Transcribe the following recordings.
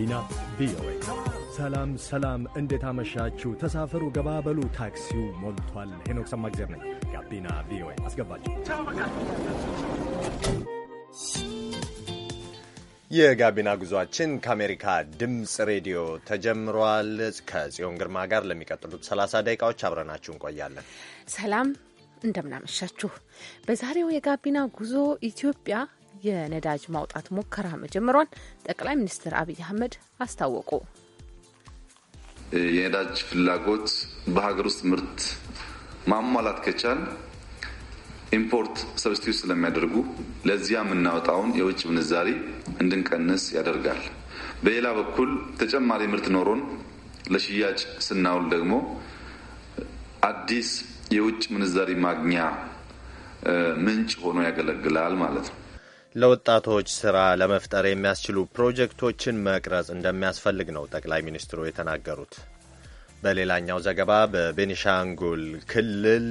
ጋቢና ቪኦኤ። ሰላም ሰላም፣ እንዴት አመሻችሁ? ተሳፈሩ፣ ገባበሉ፣ ታክሲው ሞልቷል። ሄኖክ ሰማግዜር ነኝ። ጋቢና ቪኦኤ አስገባችሁ። የጋቢና ጉዟችን ከአሜሪካ ድምፅ ሬዲዮ ተጀምሯል። ከጽዮን ግርማ ጋር ለሚቀጥሉት 30 ደቂቃዎች አብረናችሁ እንቆያለን። ሰላም እንደምናመሻችሁ። በዛሬው የጋቢና ጉዞ ኢትዮጵያ የነዳጅ ማውጣት ሙከራ መጀመሯን ጠቅላይ ሚኒስትር አብይ አህመድ አስታወቁ። የነዳጅ ፍላጎት በሀገር ውስጥ ምርት ማሟላት ከቻል ኢምፖርት ሰብስቲዩ ስለሚያደርጉ ለዚያ የምናወጣውን የውጭ ምንዛሪ እንድንቀንስ ያደርጋል። በሌላ በኩል ተጨማሪ ምርት ኖሮን ለሽያጭ ስናውል ደግሞ አዲስ የውጭ ምንዛሪ ማግኛ ምንጭ ሆኖ ያገለግላል ማለት ነው። ለወጣቶች ስራ ለመፍጠር የሚያስችሉ ፕሮጀክቶችን መቅረጽ እንደሚያስፈልግ ነው ጠቅላይ ሚኒስትሩ የተናገሩት። በሌላኛው ዘገባ በቤኒሻንጉል ክልል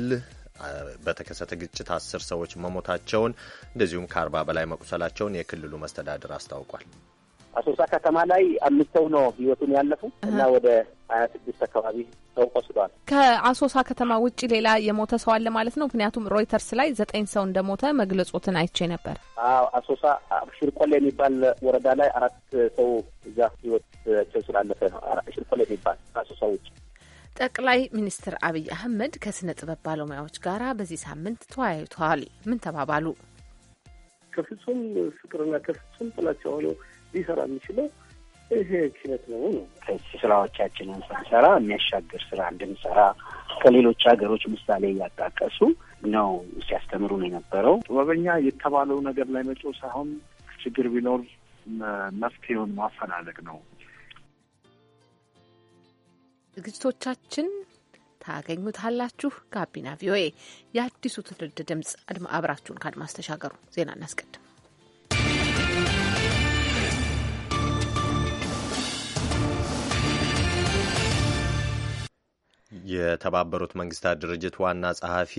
በተከሰተ ግጭት አስር ሰዎች መሞታቸውን እንደዚሁም ከአርባ በላይ መቁሰላቸውን የክልሉ መስተዳድር አስታውቋል። አሶሳ ከተማ ላይ አምስት ሰው ነው ህይወቱን ያለፉ እና ወደ ሀያ ስድስት አካባቢ ሰው ቆስሏል። ከአሶሳ ከተማ ውጭ ሌላ የሞተ ሰው አለ ማለት ነው? ምክንያቱም ሮይተርስ ላይ ዘጠኝ ሰው እንደሞተ መግለጾትን አይቼ ነበር። አዎ አሶሳ ሽርቆሌ የሚባል ወረዳ ላይ አራት ሰው እዛ ህይወታቸው ስላለፈ ነው። ሽርቆሌ የሚባል ከአሶሳ ውጭ ጠቅላይ ሚኒስትር አብይ አህመድ ከስነ ጥበብ ባለሙያዎች ጋራ በዚህ ሳምንት ተወያይተዋል። ምን ተባባሉ? ከፍጹም ፍቅርና ከፍጹም ጥላቻ ሆኖ ሊሰራ የሚችለው ይሄ ችለት ነው ነው ስራዎቻችንን ስንሰራ የሚያሻገር ስራ እንድንሰራ ከሌሎች ሀገሮች ምሳሌ እያጣቀሱ ነው ሲያስተምሩ ነው የነበረው። ጥበበኛ የተባለው ነገር ላይ መጮ ሳይሆን ችግር ቢኖር መፍትሄውን ማፈላለግ ነው። ዝግጅቶቻችን ታገኙታላችሁ። ጋቢና ቪኦኤ የአዲሱ ትውልድ ድምፅ አድማ አብራችሁን ከአድማስ ተሻገሩ። ዜና እናስቀድም። የተባበሩት መንግስታት ድርጅት ዋና ጸሐፊ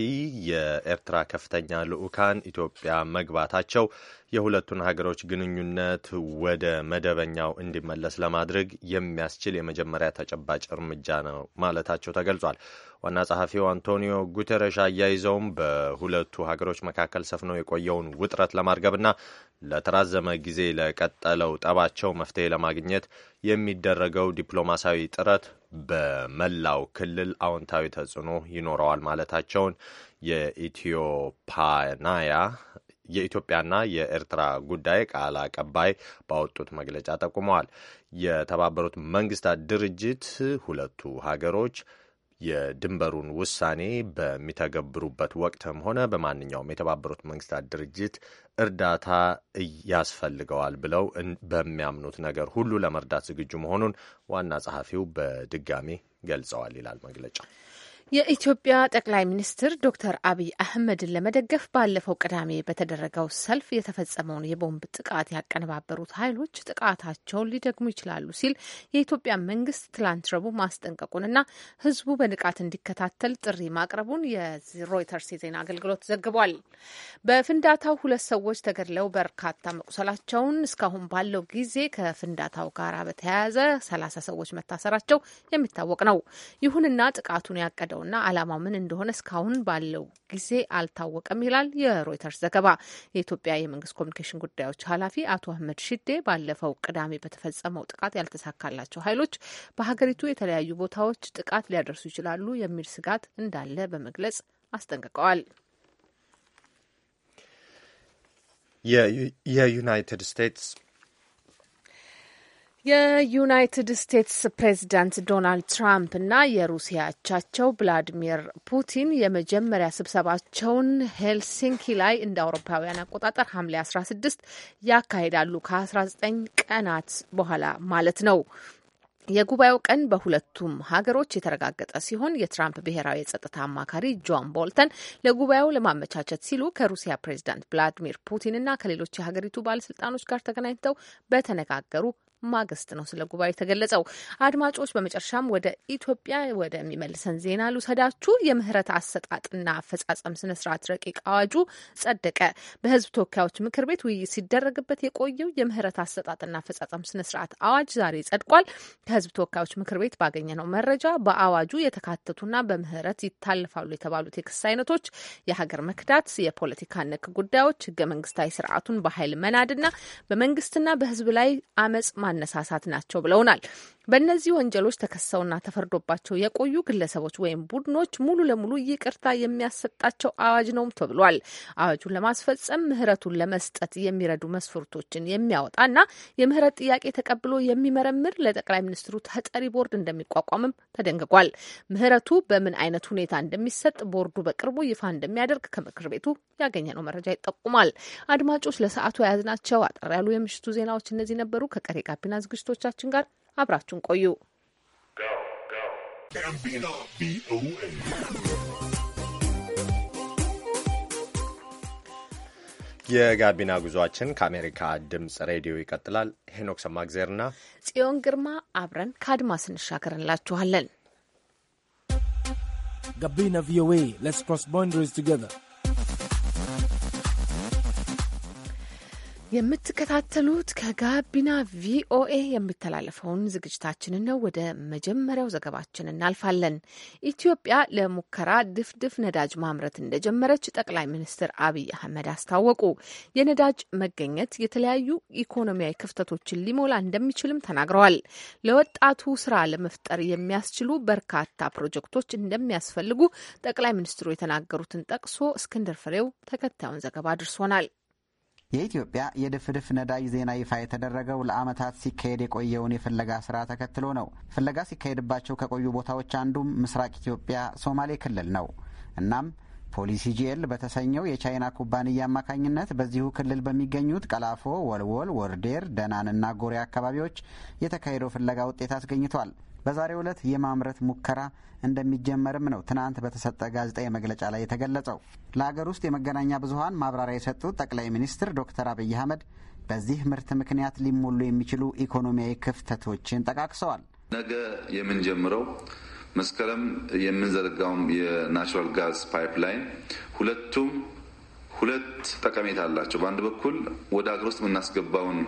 የኤርትራ ከፍተኛ ልዑካን ኢትዮጵያ መግባታቸው የሁለቱን ሀገሮች ግንኙነት ወደ መደበኛው እንዲመለስ ለማድረግ የሚያስችል የመጀመሪያ ተጨባጭ እርምጃ ነው ማለታቸው ተገልጿል። ዋና ጸሐፊው አንቶኒዮ ጉተረሽ አያይዘውም በሁለቱ ሀገሮች መካከል ሰፍኖ የቆየውን ውጥረት ለማርገብና ለተራዘመ ጊዜ ለቀጠለው ጠባቸው መፍትሄ ለማግኘት የሚደረገው ዲፕሎማሲያዊ ጥረት በመላው ክልል አዎንታዊ ተጽዕኖ ይኖረዋል ማለታቸውን የኢትዮፓናያ የኢትዮጵያና የኤርትራ ጉዳይ ቃል አቀባይ ባወጡት መግለጫ ጠቁመዋል። የተባበሩት መንግስታት ድርጅት ሁለቱ ሀገሮች የድንበሩን ውሳኔ በሚተገብሩበት ወቅትም ሆነ በማንኛውም የተባበሩት መንግስታት ድርጅት እርዳታ ያስፈልገዋል ብለው በሚያምኑት ነገር ሁሉ ለመርዳት ዝግጁ መሆኑን ዋና ጸሐፊው በድጋሚ ገልጸዋል ይላል መግለጫው። የኢትዮጵያ ጠቅላይ ሚኒስትር ዶክተር አብይ አህመድን ለመደገፍ ባለፈው ቅዳሜ በተደረገው ሰልፍ የተፈጸመውን የቦምብ ጥቃት ያቀነባበሩት ኃይሎች ጥቃታቸውን ሊደግሙ ይችላሉ ሲል የኢትዮጵያ መንግስት ትላንት ረቡዕ ማስጠንቀቁንና ሕዝቡ በንቃት እንዲከታተል ጥሪ ማቅረቡን የሮይተርስ የዜና አገልግሎት ዘግቧል። በፍንዳታው ሁለት ሰዎች ተገድለው በርካታ መቁሰላቸውን፣ እስካሁን ባለው ጊዜ ከፍንዳታው ጋር በተያያዘ ሰላሳ ሰዎች መታሰራቸው የሚታወቅ ነው። ይሁንና ጥቃቱን ያቀደው እንዳለውና ዓላማው ምን እንደሆነ እስካሁን ባለው ጊዜ አልታወቀም ይላል የሮይተርስ ዘገባ። የኢትዮጵያ የመንግስት ኮሚኒኬሽን ጉዳዮች ኃላፊ አቶ አህመድ ሽዴ ባለፈው ቅዳሜ በተፈጸመው ጥቃት ያልተሳካላቸው ኃይሎች በሀገሪቱ የተለያዩ ቦታዎች ጥቃት ሊያደርሱ ይችላሉ የሚል ስጋት እንዳለ በመግለጽ አስጠንቅቀዋል። የዩናይትድ ስቴትስ የዩናይትድ ስቴትስ ፕሬዚዳንት ዶናልድ ትራምፕ እና የሩሲያ አቻቸው ቭላዲሚር ፑቲን የመጀመሪያ ስብሰባቸውን ሄልሲንኪ ላይ እንደ አውሮፓውያን አቆጣጠር ሐምሌ 16 ያካሂዳሉ ከ19 ቀናት በኋላ ማለት ነው። የጉባኤው ቀን በሁለቱም ሀገሮች የተረጋገጠ ሲሆን የትራምፕ ብሔራዊ የጸጥታ አማካሪ ጆን ቦልተን ለጉባኤው ለማመቻቸት ሲሉ ከሩሲያ ፕሬዚዳንት ቭላዲሚር ፑቲን እና ከሌሎች የሀገሪቱ ባለስልጣኖች ጋር ተገናኝተው በተነጋገሩ ማግስት ነው ስለ ጉባኤ የተገለጸው። አድማጮች፣ በመጨረሻም ወደ ኢትዮጵያ ወደሚመልሰን ዜና ልውሰዳችሁ። የምህረት አሰጣጥና አፈጻጸም ስነስርዓት ረቂቅ አዋጁ ጸደቀ። በህዝብ ተወካዮች ምክር ቤት ውይይት ሲደረግበት የቆየው የምህረት አሰጣጥና አፈጻጸም ስነስርዓት አዋጅ ዛሬ ጸድቋል። ከህዝብ ተወካዮች ምክር ቤት ባገኘነው መረጃ በአዋጁ የተካተቱና በምህረት ይታልፋሉ የተባሉት የክስ አይነቶች የሀገር መክዳት፣ የፖለቲካ ነክ ጉዳዮች፣ ህገ መንግስታዊ ስርዓቱን በኃይል መናድና በመንግስትና በህዝብ ላይ አመጽ ማነሳሳት ናቸው ብለውናል። በእነዚህ ወንጀሎች ተከሰውና ተፈርዶባቸው የቆዩ ግለሰቦች ወይም ቡድኖች ሙሉ ለሙሉ ይቅርታ የሚያሰጣቸው አዋጅ ነውም ተብሏል። አዋጁን ለማስፈጸም ምህረቱን ለመስጠት የሚረዱ መስፈርቶችን የሚያወጣና የምህረት ጥያቄ ተቀብሎ የሚመረምር ለጠቅላይ ሚኒስትሩ ተጠሪ ቦርድ እንደሚቋቋምም ተደንግጓል። ምህረቱ በምን አይነት ሁኔታ እንደሚሰጥ ቦርዱ በቅርቡ ይፋ እንደሚያደርግ ከምክር ቤቱ ያገኘነው መረጃ ይጠቁማል። አድማጮች ለሰዓቱ የያዝናቸው አጠር ያሉ የምሽቱ ዜናዎች እነዚህ ነበሩ። ከቀሪ ጋቢና ዝግጅቶቻችን ጋር አብራችሁን ቆዩ። የጋቢና ጉዟችን ከአሜሪካ ድምፅ ሬዲዮ ይቀጥላል። ሄኖክ ሰማግዜርና ጽዮን ግርማ አብረን ከአድማስ ስንሻገር እንላችኋለን። ጋቢና ቪኦኤ ሌትስ ክሮስ ባውንደሪስ ቱጌዘር የምትከታተሉት ከጋቢና ቪኦኤ የሚተላለፈውን ዝግጅታችንን ነው። ወደ መጀመሪያው ዘገባችን እናልፋለን። ኢትዮጵያ ለሙከራ ድፍድፍ ነዳጅ ማምረት እንደጀመረች ጠቅላይ ሚኒስትር አብይ አህመድ አስታወቁ። የነዳጅ መገኘት የተለያዩ ኢኮኖሚያዊ ክፍተቶችን ሊሞላ እንደሚችልም ተናግረዋል። ለወጣቱ ስራ ለመፍጠር የሚያስችሉ በርካታ ፕሮጀክቶች እንደሚያስፈልጉ ጠቅላይ ሚኒስትሩ የተናገሩትን ጠቅሶ እስክንድር ፍሬው ተከታዩን ዘገባ አድርሶናል። የኢትዮጵያ የድፍድፍ ነዳጅ ዜና ይፋ የተደረገው ለዓመታት ሲካሄድ የቆየውን የፍለጋ ስራ ተከትሎ ነው። ፍለጋ ሲካሄድባቸው ከቆዩ ቦታዎች አንዱም ምስራቅ ኢትዮጵያ ሶማሌ ክልል ነው። እናም ፖሊሲ ጂኤል በተሰኘው የቻይና ኩባንያ አማካኝነት በዚሁ ክልል በሚገኙት ቀላፎ፣ ወልወል፣ ወርዴር፣ ደናንና ጎሬ አካባቢዎች የተካሄደው ፍለጋ ውጤት አስገኝቷል። በዛሬው ዕለት የማምረት ሙከራ እንደሚጀመርም ነው ትናንት በተሰጠ ጋዜጣዊ መግለጫ ላይ የተገለጸው። ለሀገር ውስጥ የመገናኛ ብዙሀን ማብራሪያ የሰጡት ጠቅላይ ሚኒስትር ዶክተር አብይ አህመድ በዚህ ምርት ምክንያት ሊሞሉ የሚችሉ ኢኮኖሚያዊ ክፍተቶችን ጠቃቅሰዋል። ነገ የምንጀምረው መስከረም የምንዘረጋውም የናቹራል ጋዝ ፓይፕላይን ሁለቱም ሁለት ጠቀሜታ አላቸው። በአንድ በኩል ወደ ሀገር ውስጥ የምናስገባውን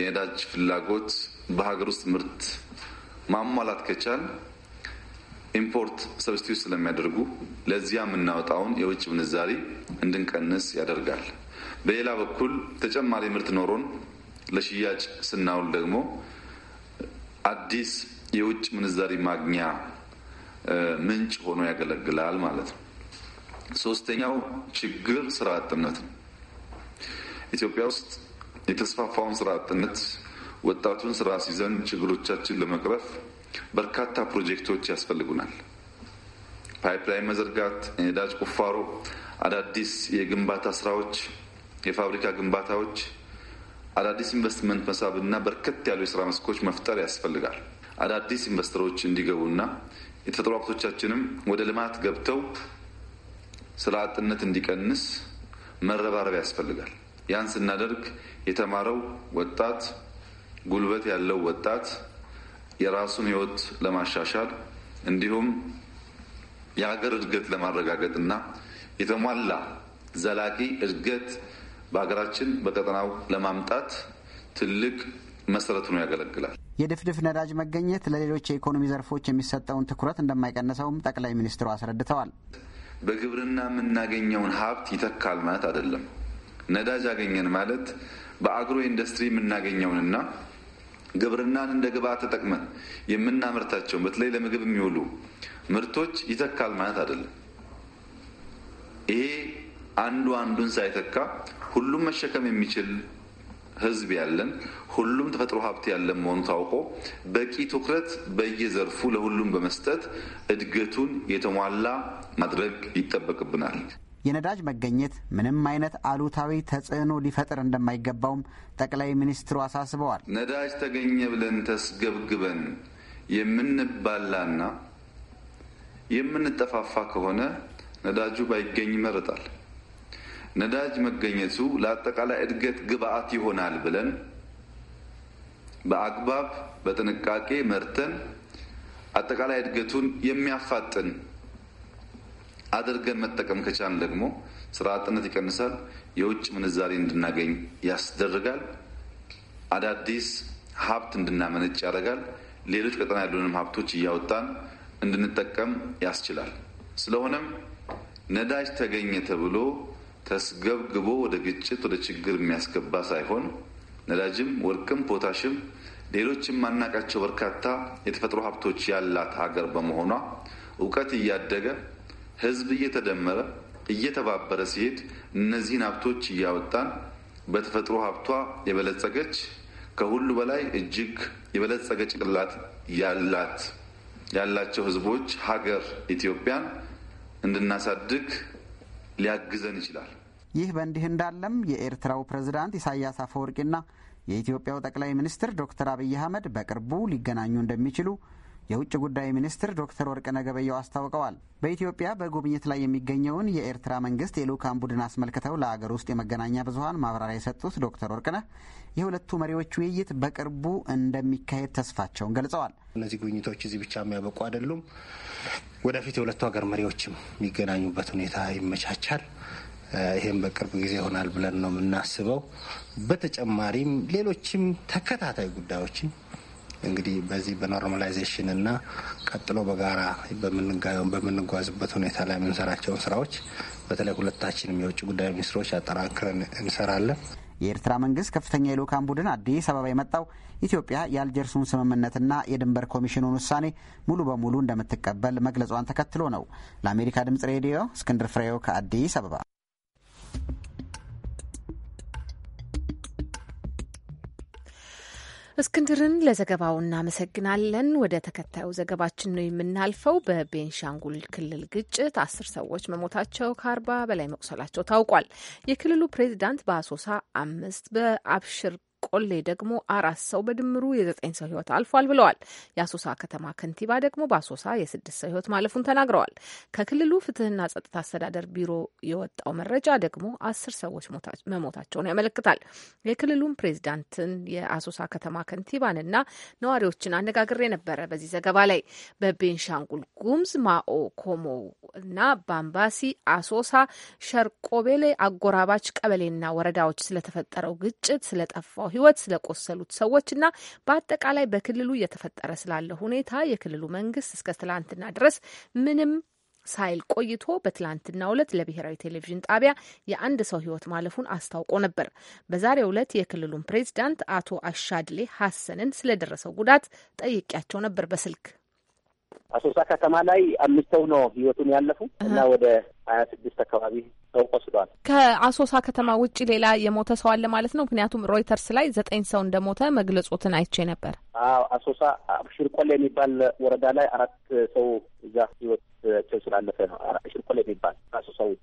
የነዳጅ ፍላጎት በሀገር ውስጥ ምርት ማሟላት ከቻል ኢምፖርት ሰብስቲዩት ስለሚያደርጉ ለዚያ የምናወጣውን የውጭ ምንዛሪ እንድንቀንስ ያደርጋል። በሌላ በኩል ተጨማሪ ምርት ኖሮን ለሽያጭ ስናውል ደግሞ አዲስ የውጭ ምንዛሪ ማግኛ ምንጭ ሆኖ ያገለግላል ማለት ነው። ሶስተኛው ችግር ስራ አጥነት ነው። ኢትዮጵያ ውስጥ የተስፋፋውን ስራ አጥነት ወጣቱን ስራ ሲዘን ችግሮቻችን ለመቅረፍ በርካታ ፕሮጀክቶች ያስፈልጉናል። ፓይፕላይን መዘርጋት፣ የነዳጅ ቁፋሮ፣ አዳዲስ የግንባታ ስራዎች፣ የፋብሪካ ግንባታዎች፣ አዳዲስ ኢንቨስትመንት መሳብና በርከት ያሉ የስራ መስኮች መፍጠር ያስፈልጋል። አዳዲስ ኢንቨስተሮች እንዲገቡና የተፈጥሮ ሀብቶቻችንም ወደ ልማት ገብተው ስራ አጥነት እንዲቀንስ መረባረብ ያስፈልጋል። ያን ስናደርግ የተማረው ወጣት ጉልበት ያለው ወጣት የራሱን ህይወት ለማሻሻል እንዲሁም የሀገር እድገት ለማረጋገጥ እና የተሟላ ዘላቂ እድገት በሀገራችን በቀጠናው ለማምጣት ትልቅ መሰረት ሆኖ ያገለግላል። የድፍድፍ ነዳጅ መገኘት ለሌሎች የኢኮኖሚ ዘርፎች የሚሰጠውን ትኩረት እንደማይቀንሰውም ጠቅላይ ሚኒስትሩ አስረድተዋል። በግብርና የምናገኘውን ሀብት ይተካል ማለት አይደለም። ነዳጅ አገኘን ማለት በአግሮ ኢንዱስትሪ የምናገኘውንና ግብርናን እንደ ግብዓት ተጠቅመን የምናመርታቸውን በተለይ ለምግብ የሚውሉ ምርቶች ይተካል ማለት አይደለም። ይሄ አንዱ አንዱን ሳይተካ ሁሉም መሸከም የሚችል ህዝብ ያለን ሁሉም ተፈጥሮ ሀብት ያለን መሆኑ ታውቆ በቂ ትኩረት በየዘርፉ ለሁሉም በመስጠት እድገቱን የተሟላ ማድረግ ይጠበቅብናል። የነዳጅ መገኘት ምንም አይነት አሉታዊ ተጽዕኖ ሊፈጥር እንደማይገባውም ጠቅላይ ሚኒስትሩ አሳስበዋል። ነዳጅ ተገኘ ብለን ተስገብግበን የምንባላና የምንጠፋፋ ከሆነ ነዳጁ ባይገኝ ይመረጣል። ነዳጅ መገኘቱ ለአጠቃላይ እድገት ግብአት ይሆናል ብለን በአግባብ በጥንቃቄ መርተን አጠቃላይ እድገቱን የሚያፋጥን አድርገን መጠቀም ከቻን ደግሞ ስራ አጥነት ይቀንሳል፣ የውጭ ምንዛሬ እንድናገኝ ያስደርጋል፣ አዳዲስ ሀብት እንድናመነጭ ያደርጋል፣ ሌሎች ቀጠና ያሉንም ሀብቶች እያወጣን እንድንጠቀም ያስችላል። ስለሆነም ነዳጅ ተገኘ ተብሎ ተስገብግቦ ወደ ግጭት፣ ወደ ችግር የሚያስገባ ሳይሆን ነዳጅም፣ ወርቅም፣ ፖታሽም ሌሎችም ማናቃቸው በርካታ የተፈጥሮ ሀብቶች ያላት ሀገር በመሆኗ እውቀት እያደገ ህዝብ እየተደመረ እየተባበረ ሲሄድ እነዚህን ሀብቶች እያወጣን በተፈጥሮ ሀብቷ የበለጸገች ከሁሉ በላይ እጅግ የበለጸገ ቅላት ያላት ያላቸው ህዝቦች ሀገር ኢትዮጵያን እንድናሳድግ ሊያግዘን ይችላል። ይህ በእንዲህ እንዳለም የኤርትራው ፕሬዝዳንት ኢሳያስ አፈወርቂና የኢትዮጵያው ጠቅላይ ሚኒስትር ዶክተር አብይ አህመድ በቅርቡ ሊገናኙ እንደሚችሉ የውጭ ጉዳይ ሚኒስትር ዶክተር ወርቅነህ ገበየሁ አስታውቀዋል። በኢትዮጵያ በጉብኝት ላይ የሚገኘውን የኤርትራ መንግስት የልኡካን ቡድን አስመልክተው ለአገር ውስጥ የመገናኛ ብዙኃን ማብራሪያ የሰጡት ዶክተር ወርቅነህ የሁለቱ መሪዎች ውይይት በቅርቡ እንደሚካሄድ ተስፋቸውን ገልጸዋል። እነዚህ ጉብኝቶች እዚህ ብቻ የሚያበቁ አይደሉም። ወደፊት የሁለቱ ሀገር መሪዎችም የሚገናኙበት ሁኔታ ይመቻቻል። ይህም በቅርብ ጊዜ ይሆናል ብለን ነው የምናስበው። በተጨማሪም ሌሎችም ተከታታይ ጉዳዮችን እንግዲህ በዚህ በኖርማላይዜሽን እና ቀጥሎ በጋራ በምንጓዝበት ሁኔታ ላይ የምንሰራቸውን ስራዎች በተለይ ሁለታችንም የውጭ ጉዳይ ሚኒስትሮች አጠናክረን እንሰራለን። የኤርትራ መንግስት ከፍተኛ የልኡካን ቡድን አዲስ አበባ የመጣው ኢትዮጵያ የአልጀርሱን ስምምነትና የድንበር ኮሚሽኑን ውሳኔ ሙሉ በሙሉ እንደምትቀበል መግለጿን ተከትሎ ነው። ለአሜሪካ ድምጽ ሬዲዮ እስክንድር ፍሬው ከአዲስ አበባ እስክንድርን ለዘገባው እናመሰግናለን። ወደ ተከታዩ ዘገባችን ነው የምናልፈው። በቤንሻንጉል ክልል ግጭት አስር ሰዎች መሞታቸው ከአርባ በላይ መቁሰላቸው ታውቋል። የክልሉ ፕሬዚዳንት በአሶሳ አምስት በአብሽር ቆሌ ደግሞ አራት ሰው በድምሩ የዘጠኝ ሰው ህይወት አልፏል ብለዋል። የአሶሳ ከተማ ከንቲባ ደግሞ በአሶሳ የስድስት ሰው ህይወት ማለፉን ተናግረዋል። ከክልሉ ፍትህና ጸጥታ አስተዳደር ቢሮ የወጣው መረጃ ደግሞ አስር ሰዎች መሞታቸውን ያመለክታል። የክልሉን ፕሬዚዳንትን የአሶሳ ከተማ ከንቲባንና ነዋሪዎችን አነጋግሬ ነበረ። በዚህ ዘገባ ላይ በቤንሻንጉል ጉምዝ ማኦ ኮሞ እና ባምባሲ፣ አሶሳ፣ ሸርቆቤሌ አጎራባች ቀበሌና ወረዳዎች ስለተፈጠረው ግጭት ስለጠፋው ህይወት፣ ስለቆሰሉት ሰዎችና በአጠቃላይ በክልሉ እየተፈጠረ ስላለ ሁኔታ የክልሉ መንግስት እስከ ትላንትና ድረስ ምንም ሳይል ቆይቶ በትላንትና ዕለት ለብሔራዊ ቴሌቪዥን ጣቢያ የአንድ ሰው ህይወት ማለፉን አስታውቆ ነበር። በዛሬው ዕለት የክልሉን ፕሬዚዳንት አቶ አሻድሌ ሀሰንን ስለደረሰው ጉዳት ጠይቄያቸው ነበር በስልክ። አሶሳ ከተማ ላይ አምስት ሰው ነው ህይወቱን ያለፉ እና ወደ ሀያ ስድስት አካባቢ ሰው ከአሶሳ ከተማ ውጭ ሌላ የሞተ ሰው አለ ማለት ነው? ምክንያቱም ሮይተርስ ላይ ዘጠኝ ሰው እንደሞተ መግለጾትን አይቼ ነበር። አዎ አሶሳ ሽርቆል የሚባል ወረዳ ላይ አራት ሰው እዛ ህይወታቸው ስላለፈ ነው። ሽርቆል የሚባል ከአሶሳ ውጭ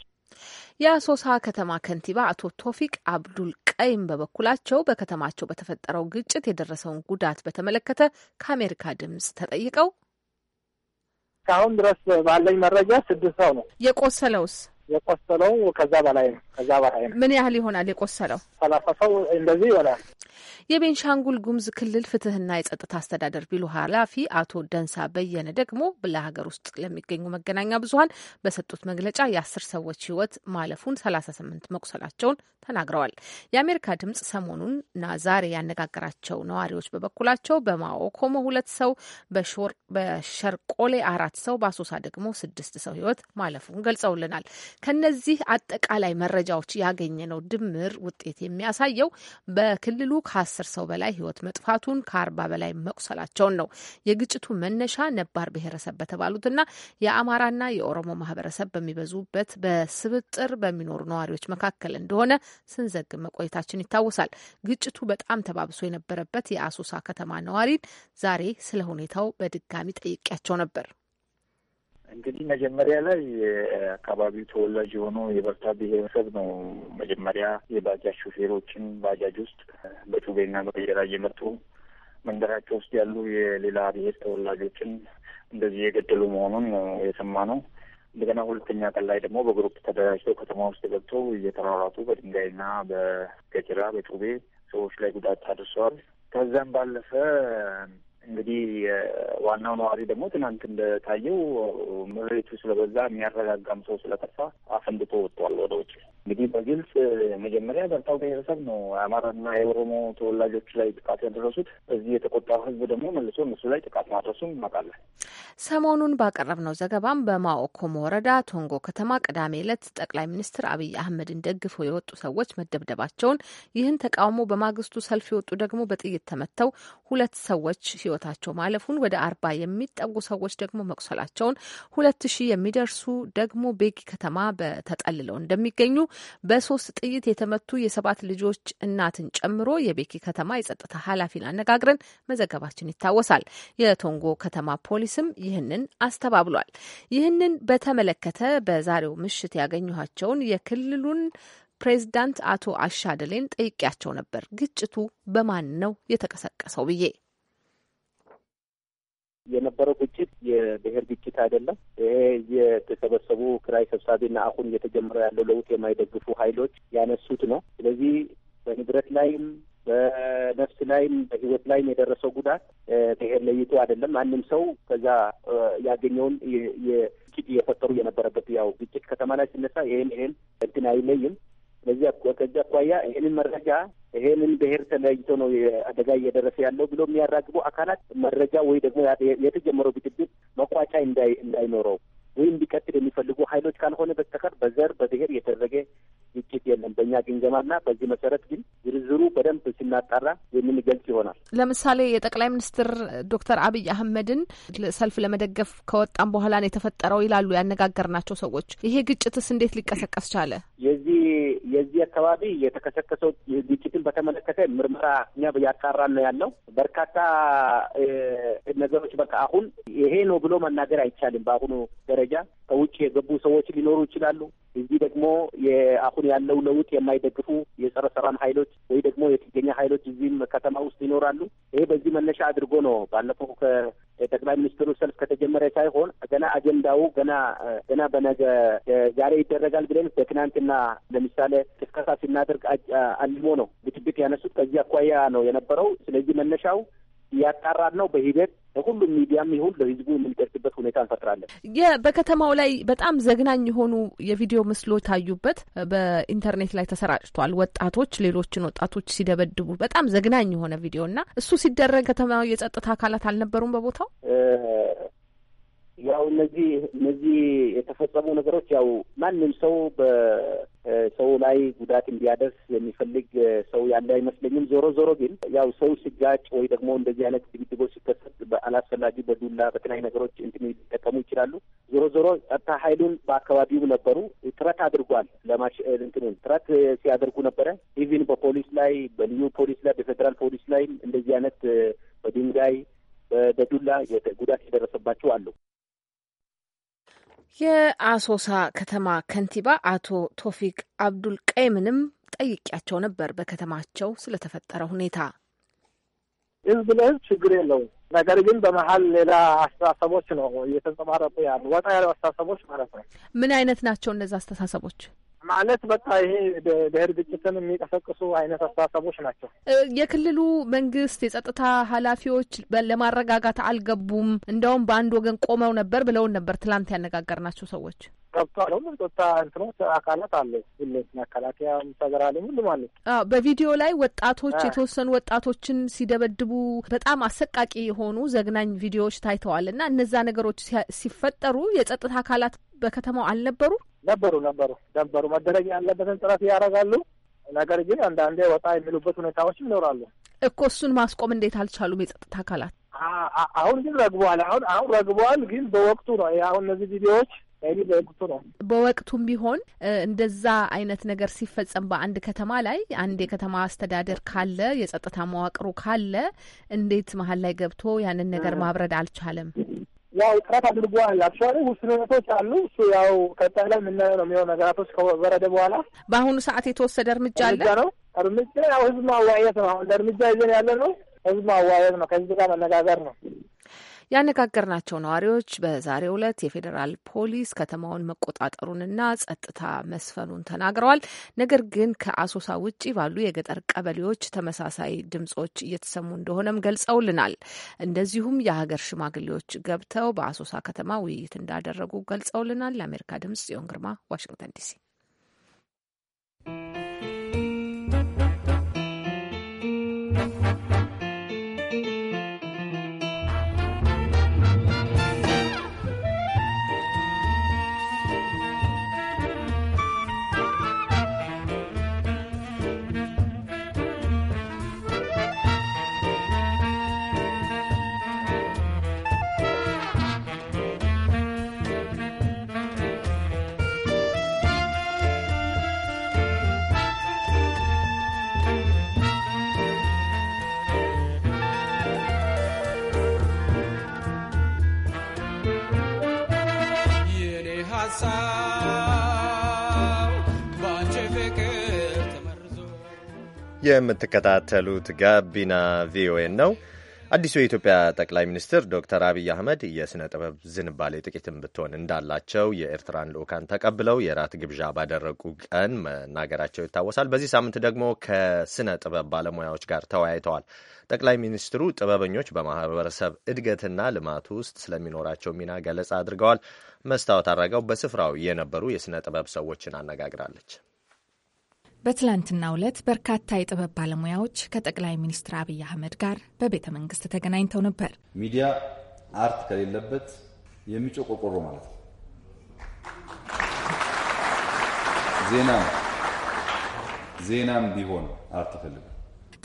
የአሶሳ ከተማ ከንቲባ አቶ ቶፊቅ አብዱል ቀይም በበኩላቸው በከተማቸው በተፈጠረው ግጭት የደረሰውን ጉዳት በተመለከተ ከአሜሪካ ድምጽ ተጠይቀው እስካሁን ድረስ ባለኝ መረጃ ስድስት ሰው ነው የቆሰለውስ የቆሰለው ከዛ በላይ ነው። ከዛ በላይ ነው። ምን ያህል ይሆናል የቆሰለው? ሰላሳ ሰው እንደዚህ ይሆናል። የቤንሻንጉል ጉሙዝ ክልል ፍትህና የጸጥታ አስተዳደር ቢሮ ኃላፊ አቶ ደንሳ በየነ ደግሞ ለሀገር ውስጥ ለሚገኙ መገናኛ ብዙኃን በሰጡት መግለጫ የአስር ሰዎች ህይወት ማለፉን፣ ሰላሳ ስምንት መቁሰላቸውን ተናግረዋል። የአሜሪካ ድምጽ ሰሞኑንና ዛሬ ያነጋገራቸው ነዋሪዎች በበኩላቸው በማኦ ኮሞ ሁለት ሰው፣ በሸርቆሌ አራት ሰው፣ በአሶሳ ደግሞ ስድስት ሰው ህይወት ማለፉን ገልጸውልናል። ከነዚህ አጠቃላይ መረጃዎች ያገኘነው ድምር ውጤት የሚያሳየው በክልሉ ከአስር ሰው በላይ ህይወት መጥፋቱን ከአርባ በላይ መቁሰላቸውን ነው። የግጭቱ መነሻ ነባር ብሔረሰብ በተባሉትና የአማራና የኦሮሞ ማህበረሰብ በሚበዙበት በስብጥር በሚኖሩ ነዋሪዎች መካከል እንደሆነ ስንዘግብ መቆየታችን ይታወሳል። ግጭቱ በጣም ተባብሶ የነበረበት የአሶሳ ከተማ ነዋሪን ዛሬ ስለ ሁኔታው በድጋሚ ጠይቄያቸው ነበር። እንግዲህ መጀመሪያ ላይ የአካባቢው ተወላጅ የሆነው የበርታ ብሔረሰብ ነው። መጀመሪያ የባጃጅ ሾፌሮችን ባጃጅ ውስጥ በጩቤና በቀየራ እየመጡ መንደራቸው ውስጥ ያሉ የሌላ ብሔር ተወላጆችን እንደዚህ የገደሉ መሆኑን የሰማ ነው። እንደገና ሁለተኛ ቀን ላይ ደግሞ በግሩፕ ተደራጅተው ከተማ ውስጥ ገብተው እየተሯሯጡ በድንጋይና በገጀራ በጩቤ ሰዎች ላይ ጉዳት አድርሰዋል። ከዛም ባለፈ እንግዲህ ዋናው ነዋሪ ደግሞ ትናንት እንደታየው ምሬቱ ስለበዛ የሚያረጋጋም ሰው ስለጠፋ አፈንድቶ ወጥቷል ወደ ውጭ። እንግዲህ በግልጽ መጀመሪያ በርታው ብሔረሰብ ነው የአማራና የኦሮሞ ተወላጆች ላይ ጥቃት ያደረሱት። እዚህ የተቆጣው ህዝብ ደግሞ መልሶ እነሱ ላይ ጥቃት ማድረሱም እናውቃለን። ሰሞኑን ባቀረብነው ዘገባም በማኦ ወረዳ ቶንጎ ከተማ ቅዳሜ ዕለት ጠቅላይ ሚኒስትር አብይ አህመድን ደግፈው የወጡ ሰዎች መደብደባቸውን፣ ይህን ተቃውሞ በማግስቱ ሰልፍ የወጡ ደግሞ በጥይት ተመተው ሁለት ሰዎች ህይወታቸው ማለፉን ወደ አርባ የሚጠጉ ሰዎች ደግሞ መቁሰላቸውን ሁለት ሺህ የሚደርሱ ደግሞ ቤጊ ከተማ በተጠልለው እንደሚገኙ በሶስት ጥይት የተመቱ የሰባት ልጆች እናትን ጨምሮ የቤኪ ከተማ የጸጥታ ኃላፊን አነጋግረን መዘገባችን ይታወሳል። የቶንጎ ከተማ ፖሊስም ይህንን አስተባብሏል። ይህንን በተመለከተ በዛሬው ምሽት ያገኘኋቸውን የክልሉን ፕሬዚዳንት አቶ አሻደሌን ጠይቄያቸው ነበር። ግጭቱ በማን ነው የተቀሰቀሰው ብዬ የነበረው ግጭት የብሔር ግጭት አይደለም። ይሄ የተሰበሰቡ ክራይ ሰብሳቢና አሁን እየተጀመረ ያለው ለውጥ የማይደግፉ ኃይሎች ያነሱት ነው። ስለዚህ በንብረት ላይም በነፍስ ላይም በህይወት ላይም የደረሰው ጉዳት ብሔር ለይቶ አይደለም። ማንም ሰው ከዛ ያገኘውን የግጭት እየፈጠሩ የነበረበት ያው ግጭት ከተማ ላይ ሲነሳ ይህን ይህን እንትን አይለይም። በዚህ ከዚህ አኳያ ይህንን መረጃ ይሄንን ብሔር ተለያይቶ ነው አደጋ እየደረሰ ያለው ብሎ የሚያራግቡ አካላት መረጃ ወይ ደግሞ የተጀመረው ብጥብጥ መቋጫ እንዳይኖረው ይህ እንዲቀጥል የሚፈልጉ ሀይሎች ካልሆነ በስተቀር በዘር በብሔር የተደረገ ግጭት የለም በእኛ ግንዘማና በዚህ መሰረት ግን ዝርዝሩ በደንብ ስናጣራ የምንገልጽ ይሆናል። ለምሳሌ የጠቅላይ ሚኒስትር ዶክተር አብይ አህመድን ሰልፍ ለመደገፍ ከወጣም በኋላ ነው የተፈጠረው ይላሉ ያነጋገርናቸው ሰዎች። ይሄ ግጭትስ እንዴት ሊቀሰቀስ ቻለ? የዚህ የዚህ አካባቢ የተከሰከሰው ግጭትን በተመለከተ ምርመራ እኛ ያጣራን ነው ያለው። በርካታ ነገሮች በቃ አሁን ይሄ ነው ብሎ መናገር አይቻልም በአሁኑ ደረ ደረጃ ከውጭ የገቡ ሰዎች ሊኖሩ ይችላሉ። እዚህ ደግሞ አሁን ያለው ለውጥ የማይደግፉ የጸረ ሰላም ኃይሎች ወይ ደግሞ የጥገኛ ኃይሎች እዚህም ከተማ ውስጥ ይኖራሉ። ይሄ በዚህ መነሻ አድርጎ ነው ባለፈው ከጠቅላይ ሚኒስትሩ ሰልፍ ከተጀመረ ሳይሆን ገና አጀንዳው ገና ገና በነገ ዛሬ ይደረጋል ብለን በትናንትና ለምሳሌ ቅስቀሳ ሲናደርግ አልሞ ነው ብጥብጥ ያነሱት። ከዚህ አኳያ ነው የነበረው። ስለዚህ መነሻው እያጣራን ነው በሂደት ለሁሉም ሚዲያም ይሁን ለህዝቡ የምንደርስበት ሁኔታ እንፈጥራለን። በከተማው ላይ በጣም ዘግናኝ የሆኑ የቪዲዮ ምስሎች ታዩበት በኢንተርኔት ላይ ተሰራጭቷል። ወጣቶች ሌሎችን ወጣቶች ሲደበድቡ በጣም ዘግናኝ የሆነ ቪዲዮ እና እሱ ሲደረግ ከተማው የጸጥታ አካላት አልነበሩም በቦታው ያው እነዚህ እነዚህ የተፈጸሙ ነገሮች ያው ማንም ሰው በሰው ላይ ጉዳት እንዲያደርስ የሚፈልግ ሰው ያለ አይመስለኝም። ዞሮ ዞሮ ግን ያው ሰው ሲጋጭ ወይ ደግሞ እንደዚህ አይነት ድግድጎች ሲከሰት በአላስፈላጊ በዱላ በተለያዩ ነገሮች እንትን ሊጠቀሙ ይችላሉ። ዞሮ ዞሮ ጸጥታ ኃይሉን በአካባቢው ነበሩ ጥረት አድርጓል። ለማሽ እንትኑን ጥረት ሲያደርጉ ነበረ። ኢቭን በፖሊስ ላይ በልዩ ፖሊስ ላይ በፌዴራል ፖሊስ ላይም እንደዚህ አይነት በድንጋይ በዱላ ጉዳት የደረሰባቸው አሉ። የአሶሳ ከተማ ከንቲባ አቶ ቶፊቅ አብዱል ቀይምንም ጠይቂያቸው ነበር በከተማቸው ስለተፈጠረ ሁኔታ። ህዝብ ለህዝብ ችግር የለው ነገር ግን በመሀል ሌላ አስተሳሰቦች ነው እየተንጸባረቁ ያሉ፣ ወጣ ያሉ አስተሳሰቦች ማለት ነው። ምን አይነት ናቸው እነዚህ አስተሳሰቦች? ማለት በቃ ይሄ ብሔር ግጭትን የሚቀሰቅሱ አይነት አስተሳሰቦች ናቸው። የክልሉ መንግስት የጸጥታ ኃላፊዎች ለማረጋጋት አልገቡም፣ እንደውም በአንድ ወገን ቆመው ነበር ብለውን ነበር ትላንት ያነጋገርናቸው ሰዎች ገብቷል። ሁሉም ጸጥታ እንትኖች አካላት አለ፣ ሁሉ መከላከያ፣ ሰገራለ፣ ሁሉም አለ። በቪዲዮ ላይ ወጣቶች የተወሰኑ ወጣቶችን ሲደበድቡ በጣም አሰቃቂ የሆኑ ዘግናኝ ቪዲዮዎች ታይተዋል። እና እነዛ ነገሮች ሲፈጠሩ የጸጥታ አካላት በከተማው አልነበሩ ነበሩ ነበሩ ነበሩ መደረግ ያለበትን ጥረት ያደርጋሉ። ነገር ግን አንዳንዴ ወጣ የሚሉበት ሁኔታዎችም ይኖራሉ እኮ እሱን ማስቆም እንዴት አልቻሉም የጸጥታ አካላት? አሁን ግን ረግቧል። አሁን አሁን ረግቧል፣ ግን በወቅቱ ነው። አሁን እነዚህ ቪዲዮዎች በወቅቱ ነው። በወቅቱም ቢሆን እንደዛ አይነት ነገር ሲፈጸም በአንድ ከተማ ላይ አንድ የከተማ አስተዳደር ካለ የጸጥታ መዋቅሩ ካለ እንዴት መሀል ላይ ገብቶ ያንን ነገር ማብረድ አልቻለም? ያው ጥረት አድርጓል። አክቹዋሊ ውስንነቶች አሉ። እሱ ያው ቀጣይ ላይ የምናየው ነው የሚሆን ነገራቶች ከወረደ በኋላ በአሁኑ ሰዓት የተወሰደ እርምጃ አለ ነው እርምጃ ያው ህዝብ ማዋየት ነው። አሁን እርምጃ ይዘን ያለ ነው ህዝብ ማዋየት ነው። ከህዝብ ጋር መነጋገር ነው። ያነጋገርናቸው ነዋሪዎች በዛሬው ዕለት የፌዴራል ፖሊስ ከተማውን መቆጣጠሩንና ጸጥታ መስፈኑን ተናግረዋል። ነገር ግን ከአሶሳ ውጪ ባሉ የገጠር ቀበሌዎች ተመሳሳይ ድምጾች እየተሰሙ እንደሆነም ገልጸውልናል። እንደዚሁም የሀገር ሽማግሌዎች ገብተው በአሶሳ ከተማ ውይይት እንዳደረጉ ገልጸውልናል። ለአሜሪካ ድምጽ ጽዮን ግርማ ዋሽንግተን ዲሲ የምትከታተሉት ጋቢና ቪኦኤ ነው። አዲሱ የኢትዮጵያ ጠቅላይ ሚኒስትር ዶክተር አብይ አህመድ የሥነ ጥበብ ዝንባሌ ጥቂትም ብትሆን እንዳላቸው የኤርትራን ልዑካን ተቀብለው የራት ግብዣ ባደረጉ ቀን መናገራቸው ይታወሳል። በዚህ ሳምንት ደግሞ ከሥነ ጥበብ ባለሙያዎች ጋር ተወያይተዋል። ጠቅላይ ሚኒስትሩ ጥበበኞች በማህበረሰብ እድገትና ልማት ውስጥ ስለሚኖራቸው ሚና ገለጻ አድርገዋል። መስታወት አድረገው በስፍራው የነበሩ የሥነ ጥበብ ሰዎችን አነጋግራለች። በትላንትናው ዕለት በርካታ የጥበብ ባለሙያዎች ከጠቅላይ ሚኒስትር አብይ አህመድ ጋር በቤተ መንግስት ተገናኝተው ነበር። ሚዲያ አርት ከሌለበት የሚጮህ ቆቆሮ ማለት ነው። ዜናም ዜናም ቢሆን አርት ፈልግ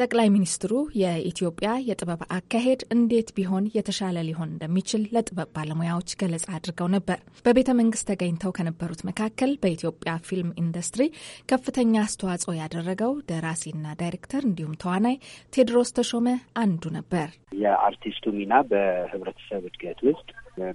ጠቅላይ ሚኒስትሩ የኢትዮጵያ የጥበብ አካሄድ እንዴት ቢሆን የተሻለ ሊሆን እንደሚችል ለጥበብ ባለሙያዎች ገለጻ አድርገው ነበር። በቤተ መንግስት ተገኝተው ከነበሩት መካከል በኢትዮጵያ ፊልም ኢንዱስትሪ ከፍተኛ አስተዋጽኦ ያደረገው ደራሲና ዳይሬክተር እንዲሁም ተዋናይ ቴዎድሮስ ተሾመ አንዱ ነበር። የአርቲስቱ ሚና በህብረተሰብ እድገት ውስጥ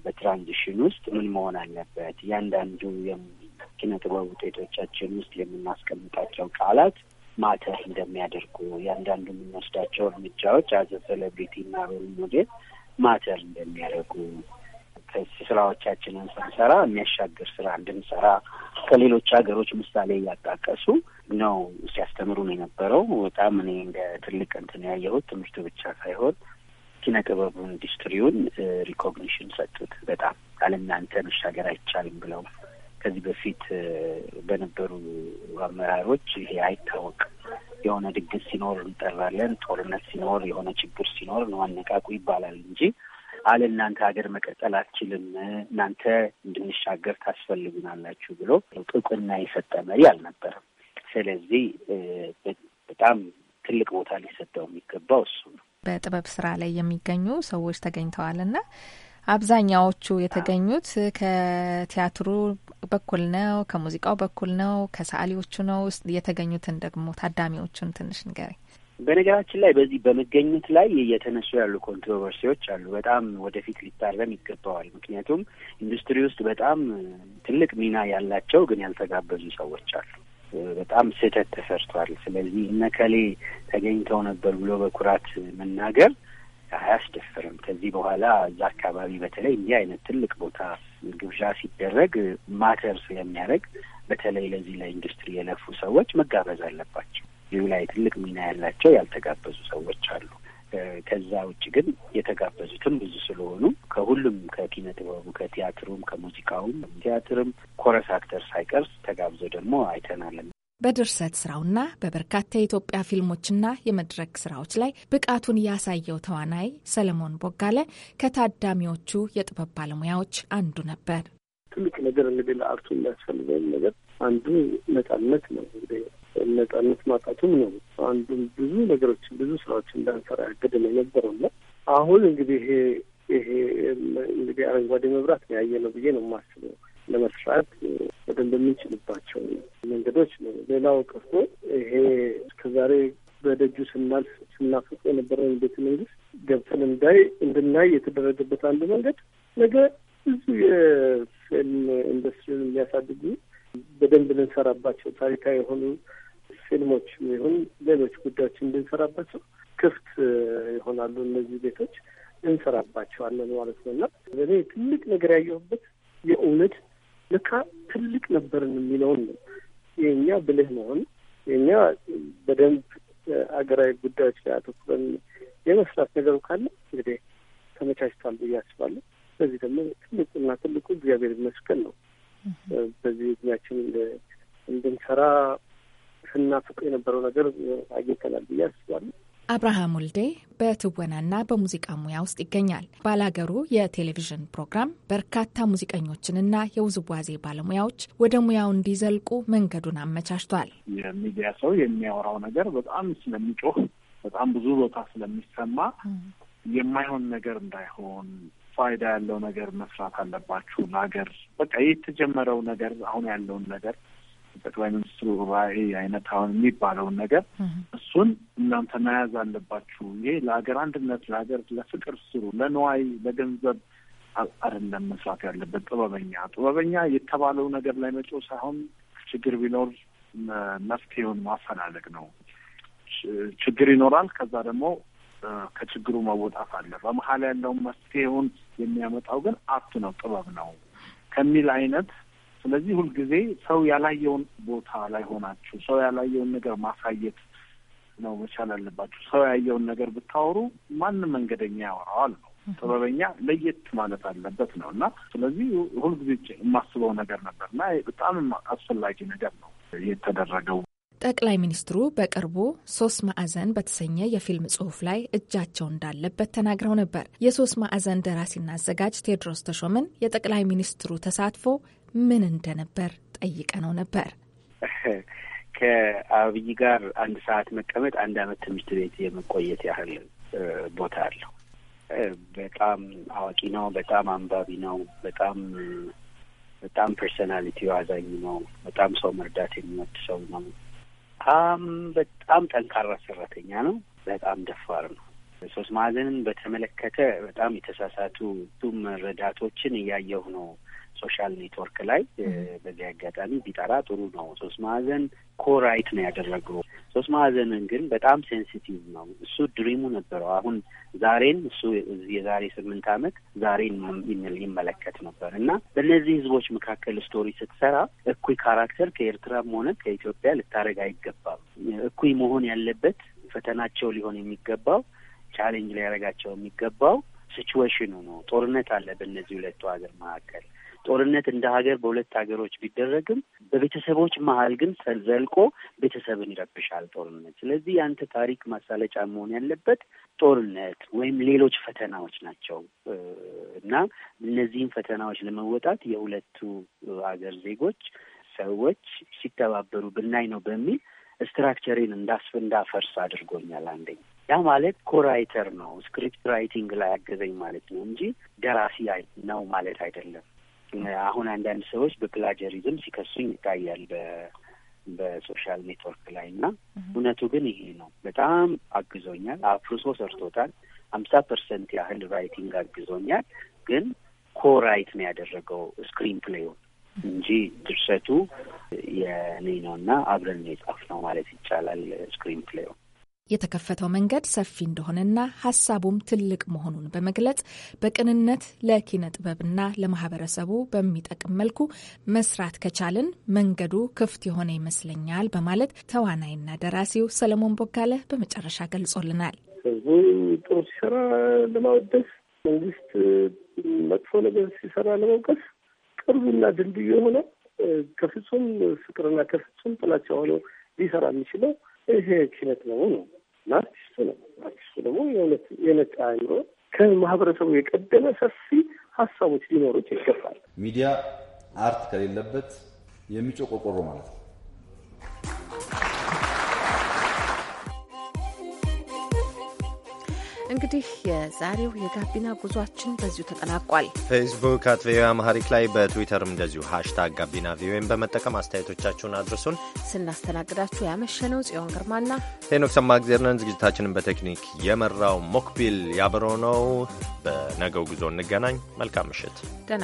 በትራንዚሽን ውስጥ ምን መሆን አለበት? እያንዳንዱ የኪነ ጥበብ ውጤቶቻችን ውስጥ የምናስቀምጣቸው ቃላት ማተህ እንደሚያደርጉ እያንዳንዱ የምንወስዳቸው እርምጃዎች አዘ ሴሌብሪቲ እና ሮል ሞዴል ማተር እንደሚያደርጉ ስራዎቻችንን ስንሰራ የሚያሻግር ስራ እንድንሰራ ከሌሎች ሀገሮች ምሳሌ እያጣቀሱ ነው ሲያስተምሩን የነበረው። በጣም እኔ እንደ ትልቅ እንትን ያየሁት ትምህርቱ ብቻ ሳይሆን ኪነ ጥበቡ ኢንዱስትሪውን ሪኮግኒሽን ሰጡት። በጣም አለ እናንተ መሻገር አይቻልም ብለው ከዚህ በፊት በነበሩ አመራሮች ይሄ አይታወቅም። የሆነ ድግስ ሲኖር እንጠራለን፣ ጦርነት ሲኖር፣ የሆነ ችግር ሲኖር ነው አነቃቁ ይባላል እንጂ አለ እናንተ ሀገር መቀጠል አትችልም፣ እናንተ እንድንሻገር ታስፈልጉናላችሁ ብሎ ጥቁና የሰጠ መሪ አልነበረም። ስለዚህ በጣም ትልቅ ቦታ ሊሰጠው የሚገባው እሱ ነው። በጥበብ ስራ ላይ የሚገኙ ሰዎች ተገኝተዋል እና አብዛኛዎቹ የተገኙት ከቲያትሩ በኩል ነው፣ ከሙዚቃው በኩል ነው፣ ከሰዓሊዎቹ ነው። የተገኙትን ደግሞ ታዳሚዎቹን ትንሽ ንገሪ። በነገራችን ላይ በዚህ በመገኘት ላይ እየተነሱ ያሉ ኮንትሮቨርሲዎች አሉ። በጣም ወደፊት ሊታረም ይገባዋል። ምክንያቱም ኢንዱስትሪ ውስጥ በጣም ትልቅ ሚና ያላቸው ግን ያልተጋበዙ ሰዎች አሉ። በጣም ስህተት ተሰርቷል። ስለዚህ እነ ከሌ ተገኝተው ነበር ብሎ በኩራት መናገር አያስደፍርም። ከዚህ በኋላ እዛ አካባቢ በተለይ እንዲህ አይነት ትልቅ ቦታ ግብዣ ሲደረግ ማተር ስለሚያደርግ በተለይ ለዚህ ለኢንዱስትሪ የለፉ ሰዎች መጋበዝ አለባቸው። ይህ ላይ ትልቅ ሚና ያላቸው ያልተጋበዙ ሰዎች አሉ። ከዛ ውጭ ግን የተጋበዙትም ብዙ ስለሆኑ ከሁሉም ከኪነ ጥበቡ ከቲያትሩም፣ ከሙዚቃውም ቲያትርም ኮረስ አክተር ሳይቀርስ ተጋብዞ ደግሞ አይተናል በድርሰት ስራውና በበርካታ የኢትዮጵያ ፊልሞችና የመድረክ ስራዎች ላይ ብቃቱን ያሳየው ተዋናይ ሰለሞን ቦጋለ ከታዳሚዎቹ የጥበብ ባለሙያዎች አንዱ ነበር። ትልቅ ነገር እንግዲህ ለአርቱ የሚያስፈልገውን ነገር አንዱ ነጻነት ነው። እንግዲህ ነጻነት ማጣቱም ነው አንዱም ብዙ ነገሮችን ብዙ ስራዎችን እንዳንሰራ ያገደን የነበረውና አሁን እንግዲህ ይሄ ይሄ እንግዲህ አረንጓዴ መብራት ያየ ነው ብዬ ነው የማስበው። ለመስራት በደንብ የምንችልባቸው መንገዶች ነው። ሌላው ቀርቶ ይሄ እስከዛሬ በደጁ ስናልፍ ስናፍቅ የነበረውን ቤተ መንግስት ገብተን እንዳይ እንድናይ የተደረገበት አንዱ መንገድ ነገ ብዙ የፊልም ኢንዱስትሪን የሚያሳድጉ በደንብ ልንሰራባቸው ታሪካዊ የሆኑ ፊልሞች ይሁን ሌሎች ጉዳዮች እንድንሰራባቸው ክፍት ይሆናሉ። እነዚህ ቤቶች እንሰራባቸዋለን ማለት ነው እና እኔ ትልቅ ነገር ያየሁበት የእውነት ልካ ትልቅ ነበርን የሚለውን ነው። የእኛ ብልህ መሆን የእኛ በደንብ አገራዊ ጉዳዮች ላይ አተኩረን የመስራት ነገሩ ካለ እንግዲህ ተመቻችቷል ብዬ አስባለሁ። በዚህ ደግሞ ትልቁና ትልቁ እግዚአብሔር ይመስገን ነው። በዚህ እድሜያችን እንድንሰራ ስናፍቅ የነበረው ነገር አግኝተናል ብዬ አስባለሁ። አብርሃም ወልዴ በትወናና በሙዚቃ ሙያ ውስጥ ይገኛል። ባላገሩ የቴሌቪዥን ፕሮግራም በርካታ ሙዚቀኞችንና የውዝዋዜ ባለሙያዎች ወደ ሙያው እንዲዘልቁ መንገዱን አመቻችቷል። የሚዲያ ሰው የሚያወራው ነገር በጣም ስለሚጮህ፣ በጣም ብዙ ቦታ ስለሚሰማ የማይሆን ነገር እንዳይሆን ፋይዳ ያለው ነገር መስራት አለባችሁ ለሀገር በቃ የተጀመረው ነገር አሁን ያለውን ነገር ጠቅላይ ሚኒስትሩ ራዕይ አይነት አሁን የሚባለውን ነገር እሱን እናንተ መያዝ አለባችሁ። ይሄ ለሀገር አንድነት፣ ለሀገር ለፍቅር ስሩ፣ ለንዋይ ለገንዘብ አይደለም መስራት ያለበት ጥበበኛ ጥበበኛ የተባለው ነገር ላይ መጮ ሳይሆን ችግር ቢኖር መፍትሄውን ማፈላለግ ነው። ችግር ይኖራል። ከዛ ደግሞ ከችግሩ መወጣት አለ። በመሀል ያለውን መፍትሄውን የሚያመጣው ግን አርት ነው ጥበብ ነው ከሚል አይነት ስለዚህ ሁልጊዜ ሰው ያላየውን ቦታ ላይ ሆናችሁ ሰው ያላየውን ነገር ማሳየት ነው መቻል አለባችሁ። ሰው ያየውን ነገር ብታወሩ ማንም መንገደኛ ያወራዋል ነው። ጥበበኛ ለየት ማለት አለበት ነው እና ስለዚህ ሁልጊዜ የማስበው ነገር ነበር እና በጣም አስፈላጊ ነገር ነው የተደረገው። ጠቅላይ ሚኒስትሩ በቅርቡ ሶስት ማዕዘን በተሰኘ የፊልም ጽሁፍ ላይ እጃቸው እንዳለበት ተናግረው ነበር። የሶስት ማዕዘን ደራሲና አዘጋጅ ቴዎድሮስ ተሾመን የጠቅላይ ሚኒስትሩ ተሳትፎ ምን እንደነበር ጠይቀነው ነበር። ከአብይ ጋር አንድ ሰዓት መቀመጥ አንድ አመት ትምህርት ቤት የመቆየት ያህል ቦታ አለው። በጣም አዋቂ ነው። በጣም አንባቢ ነው። በጣም በጣም ፐርሶናሊቲ አዛኝ ነው። በጣም ሰው መርዳት የሚወድ ሰው ነው። በጣም በጣም ጠንካራ ሰራተኛ ነው። በጣም ደፋር ነው። ሶስት ማዕዘንን በተመለከተ በጣም የተሳሳቱ መረዳቶችን እያየሁ ነው ሶሻል ኔትወርክ ላይ በዚህ አጋጣሚ ቢጠራ ጥሩ ነው። ሶስት ማዕዘን ኮራይት ነው ያደረገው። ሶስት ማዕዘንን ግን በጣም ሴንሲቲቭ ነው። እሱ ድሪሙ ነበረው። አሁን ዛሬን እሱ የዛሬ ስምንት ዓመት ዛሬን ይመለከት ነበር እና በእነዚህ ህዝቦች መካከል ስቶሪ ስትሰራ እኩይ ካራክተር ከኤርትራም ሆነ ከኢትዮጵያ ልታደርግ አይገባም። እኩይ መሆን ያለበት ፈተናቸው ሊሆን የሚገባው ቻሌንጅ ሊያደረጋቸው የሚገባው ሲቹዌሽኑ ነው። ጦርነት አለ በእነዚህ ሁለቱ ሀገር መካከል ጦርነት እንደ ሀገር በሁለት ሀገሮች ቢደረግም በቤተሰቦች መሀል ግን ዘልቆ ቤተሰብን ይረብሻል ጦርነት። ስለዚህ የአንተ ታሪክ ማሳለጫ መሆን ያለበት ጦርነት ወይም ሌሎች ፈተናዎች ናቸው እና እነዚህም ፈተናዎች ለመወጣት የሁለቱ ሀገር ዜጎች ሰዎች ሲተባበሩ ብናይ ነው በሚል ስትራክቸሬን እንዳስፍ እንዳፈርስ አድርጎኛል። አንደኛ ያ ማለት ኮራይተር ነው ስክሪፕት ራይቲንግ ላይ ያገዘኝ ማለት ነው እንጂ ደራሲ ነው ማለት አይደለም። አሁን አንዳንድ ሰዎች በፕላጀሪዝም ሲከሱኝ ይታያል በሶሻል ኔትወርክ ላይ እና እውነቱ ግን ይሄ ነው። በጣም አግዞኛል። አፍርሶ ሰርቶታል። ሀምሳ ፐርሰንት ያህል ራይቲንግ አግዞኛል። ግን ኮራይት ነው ያደረገው ስክሪን ፕሌውን እንጂ ድርሰቱ የኔ ነው እና አብረን የጻፍ ነው ማለት ይቻላል ስክሪን ፕሌውን የተከፈተው መንገድ ሰፊ እንደሆነና ሀሳቡም ትልቅ መሆኑን በመግለጽ በቅንነት ለኪነ ጥበብና ለማህበረሰቡ በሚጠቅም መልኩ መስራት ከቻልን መንገዱ ክፍት የሆነ ይመስለኛል በማለት ተዋናይና ደራሲው ሰለሞን ቦጋለ በመጨረሻ ገልጾልናል። ህዝቡ ጥሩ ሲሰራ ለማወደስ፣ መንግስት መጥፎ ነገር ሲሰራ ለመውቀስ ቅርብና ድልድዩ የሆነ ከፍጹም ፍቅርና ከፍጹም ጥላቻ ሆኖ ሊሰራ የሚችለው ይሄ ኪነት ነው ነው እና አርቲስቱ ነው። አርቲስቱ ደግሞ የነጻ አይምሮ ከማህበረሰቡ የቀደመ ሰፊ ሀሳቦች ሊኖሩት ይገባል። ሚዲያ አርት ከሌለበት የሚጮቆቆሮ ማለት ነው። እንግዲህ የዛሬው የጋቢና ጉዟችን በዚሁ ተጠናቋል። ፌስቡክ አት ቪኦኤ አማሪክ ላይ በትዊተርም እንደዚሁ ሀሽታግ ጋቢና ቪኦኤን በመጠቀም አስተያየቶቻችሁን አድርሱን። ስናስተናግዳችሁ ያመሸነው ጽዮን ግርማና ሄኖክ ሰማእግዜር ዝግጅታችንን በቴክኒክ የመራው ሞክቢል ያብሮ ነው። በነገው ጉዞ እንገናኝ። መልካም ምሽት። ደህና